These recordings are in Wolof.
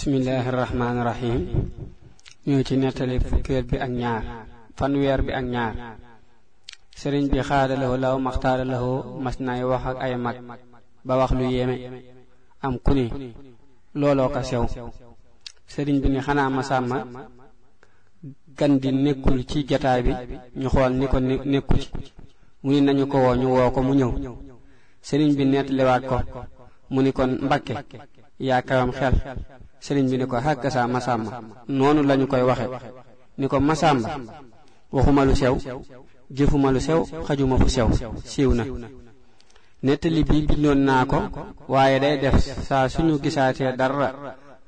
bismillaahi rahmaani rahiim ñoo ci nettali fukkeel bi ak ñaar fanweer bi ak ñaar sëriñ bi xaadalaho law maxtaaralaho mas nay wax ay mag ba wax lu yéeme am ku ni looloo ko sew sëriñ bi ni xanaa masàmma gan di nekkul ci jataay bi ñu xool ni ko nekku ci mu ni nañu ko woo woo ko mu ñëw sëriñ bi nettaliwaat ko mu ni kon mbakke yaa kawam xel sëriñ bi ni ko xàkkasa masamba noonu lañu koy waxe ni ko masamba waxuma lu sew jëfuma lu sew xajuma fu sew siiw na nettali bi bindoon naa ko waaye day def saa suñu gisaatee dara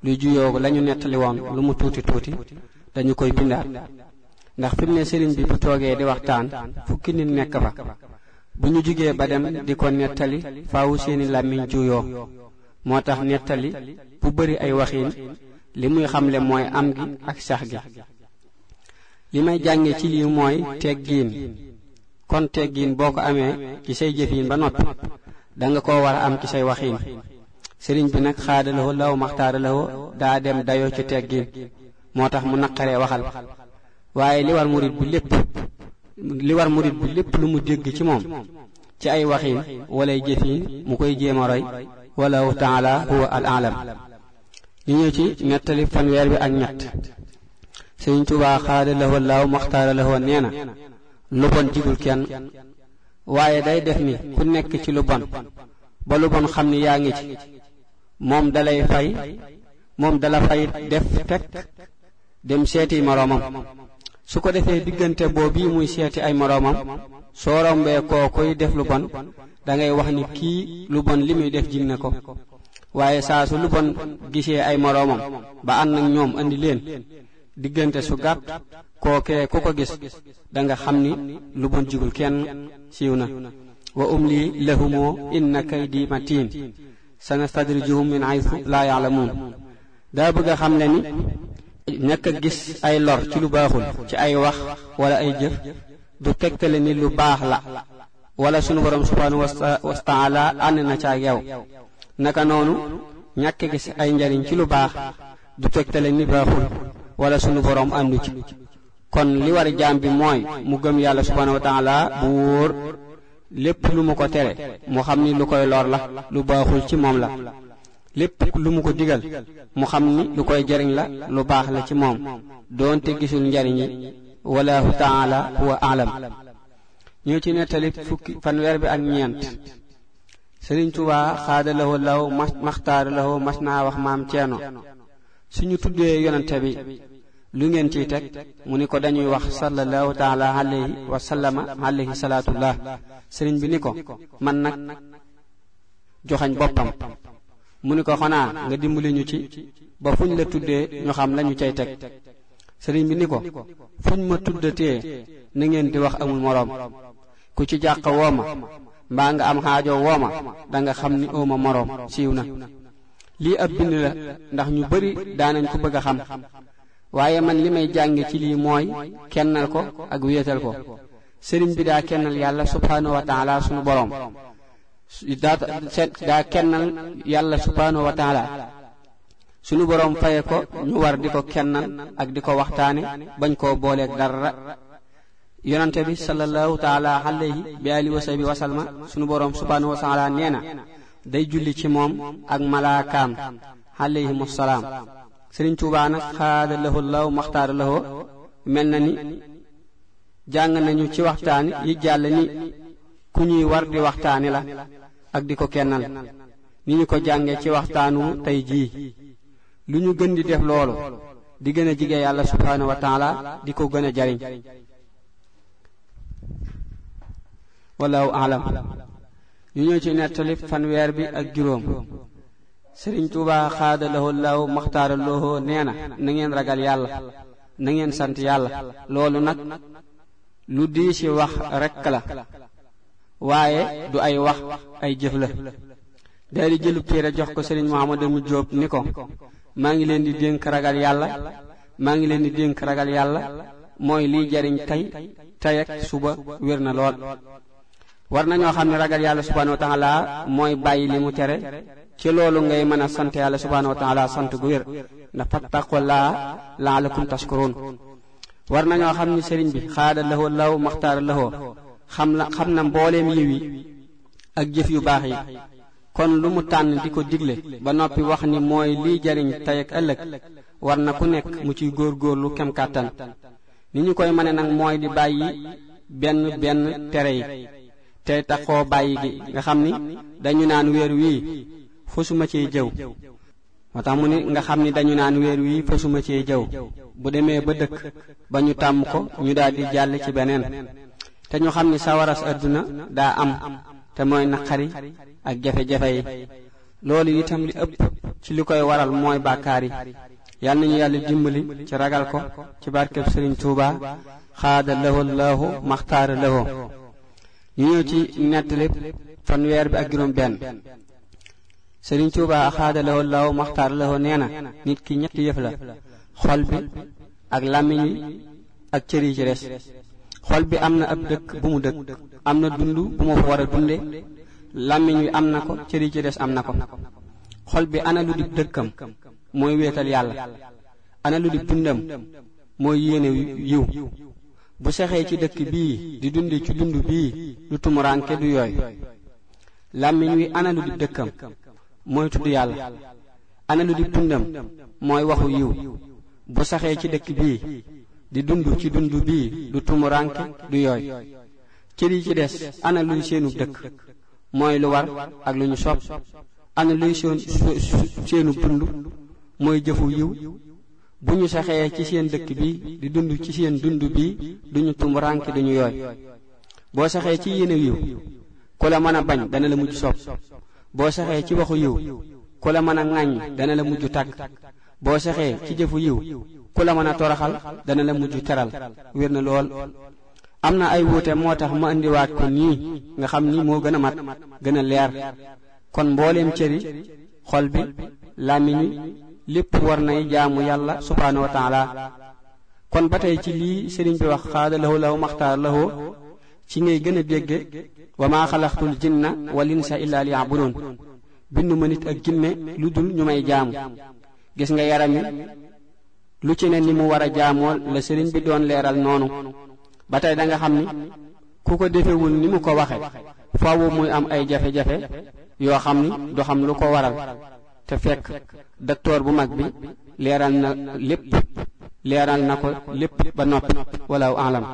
lu juyoo lañu nettali woon lu mu tuuti tuuti dañu koy bindaat ndax fi mu ne sëriñ bi bu toogee di waxtaan fukki nit nekk fa bu ñu jugee ba dem di ko nettali faawu seeni làmmiñ juyoo moo tax nettali bu bari ay waxiin li muy xamle mooy am gi ak sax gi li may jànge ci lii mooy teggiin kon teggiin boo ko amee ci say jëfiin ba noppi danga ko war a am ci say waxiin sëriñ bi nag xaadalawoo law maxtaaralawoo daa dem dayoo ci teggiin moo tax mu naqaree waxal waaye li war murit bu lépp li war murit bu lépp lu mu dégg ci moom ci ay waxiin walay jëfiin mu koy jéem a roy wallahu taala huwa al alam ñu ci nettali fanweer bi ak ñett Sëriñ Tuubaa xaada la wallaahu maxtaara la nee na lu bon jigul kenn waaye day def ni ku nekk ci lu bon ba lu bon xam ni yaa ngi ci moom dalay fay moom dala fay def teg dem seeti moroomam su ko defee diggante boobu muy seeti ay moroomam soo rombee koo def lu bon da ngay wax ni kii lu bon li muy def jig na ko waaye saa su lu bon gisee ay moroomam ba ànd ak ñoom indi leen diggante su gàtt kookee ku ko gis da nga xam ni lu bon jigul kenn siiw na wa umli lahumoo inna kaydi matin sanastadrijuhum min haythu laa yaalamuun daa bëgg a xam ne ni ñàkk a gis ay lor ci lu baaxul ci ay wax wala ay jëf du tegtale ni lu baax la wala sunu borom subhanahu wa taala ànd na ca ak yow naka noonu ñàkk gis ay njariñ ci lu baax du tegtale ni baaxul wala sunu borom àndu ci kon li war jaam bi mooy mu gëm yàlla subhanahu wa taala bu wóor lépp lu mu ko tere mu xam ni lu koy lor la lu baaxul ci moom la lépp lu mu ko digal mu xam ni lu koy jariñ la lu baax la ci moom doonte gisul njariñ yi wallahu taala huwa alam ñu ci nettali fukki fanweer bi ak ñeent sëriñ tubaa xaada lawo law maxtaara lawo mas naa wax maam ceeno suñu tuddee yonente bi lu ngeen ciy teg mu ni ko dañuy wax sallallahu taala alayhi wa sallama alayhi salaatullah sëriñ bi ni ko man nag joxañ boppam mu ni ko xanaa nga dimbali ñu ci ba fuñ la tuddee ñu xam lañu cay teg sëriñ bi ni ko fuñ ma tuddatee na di wax amul moroom ku ci jàq wooma mbaa nga am xaajo wooma danga xam ni ooma moroom siiw na lii ab bind la ndax ñu bari daanañ ko bëgg a xam waaye man li may jànge ci lii mooy kennal ko ak wéetal ko sëriñ bi daa kennal yàlla subhaanahu wa taala sunu boroom daa daa kennal yàlla subhaanahu wa taala sunu boroom faye ko ñu war di ko kennal ak di ko waxtaane bañ koo booleeg dara yonante bi sallallahu taala alayhi bi ali wa sahbi wa salma sunu boroom subhaanahu wa nee na day julli ci moom ak malaakaam alayhimu salaam sëriñ tuubaa nag xaada lahu law maxtaara lahu mel na ni jàng nañu ci waxtaan yi jàll ni ku ñuy war di waxtaani la ak di ko kennal ni ñu ko jànge ci waxtaanu tey jii lu ñu gën di def loolu di gëna a yàlla subhaanahu wa di ko gën jariñ wallahu alam ñu ñëw ci nettali fanweer bi ak juróom sëriñ tuuba xaada lahu laahu maxtaara looho nee na na ngeen ragal yàlla na ngeen sant yàlla loolu nag lu di ci wax rekk la waaye du ay wax ay jëf la day di jëlub téere jox ko sëriñ Muhammadu mu Jóob ni ko maa ngi leen di dénk ragal yàlla maa ngi leen di dénk ragal yàlla mooy liy jariñ tey tey ak suba wér na lool war nañoo xam ne ragal yàlla subhaanahu wa taala mooy bàyyi li mu tere ci loolu ngay mën a sant yàlla subhaanahu wa taala sant gu wér ndax fattaqullaa laalakum tashkuruun war nañoo xam ni sëriñ bi xaada lahoo law maxtaara lahoo xam la xam na mbooleem yiw yi ak jëf yu baax yi kon lu mu tànn di ko digle ba noppi wax ni mooy liy jariñ tey ak ëllëg war na ku nekk mu ciy góorgóorlu kem kàttan ni ñu koy mëne nag mooy di bàyyi benn benn tere yi tey taxoo bàyyi gi nga xam ni dañu naan weer wii fasuma cee jëw moo tax mu ni nga xam ni dañu naan weer wii fasuma cee jëw bu demee ba dëkk ba ñu tàmm ko ñu daal di jàll ci beneen te ñu xam ni sawaras àdduna daa am te mooy naqari ak jafe-jafe yi loolu itam li ëpp ci li koy waral mooy bàkkaar yi yal nañu yàlla dimbali ci ragal ko ci barkeb Sëriñ Tuuba xaada lahu llahu maxtaara lahu ñu ñëw ci nettali fanweer bi ak juróom benn sëriñ Tuuba axaada lawo law maxtaar lawo nee na nit ki ñetti yëf la xol bi ak làmmiñ wi ak cër yi ci res xol bi am na ab dëkk bu mu dëkk am na dund bu mu fa war a dunde làmmiñ wi am na ko cër ci res am na ko xol bi ana lu di dëkkam mooy wéetal yàlla ana lu di dundam mooy yéene yiw bu saxee ci dëkk bii di dunde ci dund bii lu tumuranke du yooy làmmiñ wi ana lu di dëkkam mooy tudd yàlla ana lu di tundam mooy waxu yiw bu saxee ci dëkk bii di dund ci dund bii du tumuranke du yooy cër yi ci des ana luy seenu dëkk mooy lu war ak lu ñu sopp ana luy seen seenu dund mooy jëfu yiw bu ñu saxee ci seen dëkk bii di dund ci seen dund bii duñu tumuranke duñu yooy boo saxee ci yéene yiw ku la mën a bañ dana la mujj sopp boo saxee ci waxu yiw ku la mën a ŋàññ dana la mujj tàgg boo saxee ci jëfu yiw ku la mën a toroxal dana la mujj teral wér na lool am na ay wuute moo tax ma indiwaat ko nii nga xam ni moo gën a mat gën a leer kon mbooleem cëri xol bi làmmiñ wi lépp war nay jaamu yàlla subhaanahu wa taala kon ba tey ci lii sëriñ bi wax xaada lahu lahu maxtaar lahu ci ngay gën a dégge wa maa xalaqtul jinna wal insa illa liya'budun bindu ma nit ak jinne lu dul ñu may jaamu gis nga yaram yi lu ci ne ni mu war a jaamool la sëriñ bi doon leeral noonu ba tey da nga xam ni ku ko defewul ni mu ko waxe faawu muy am ay jafe-jafe yoo xam ni du xam lu ko waral te fekk docteur bu mag bi leeral na lépp leeral na ko lépp ba noppi walaw alam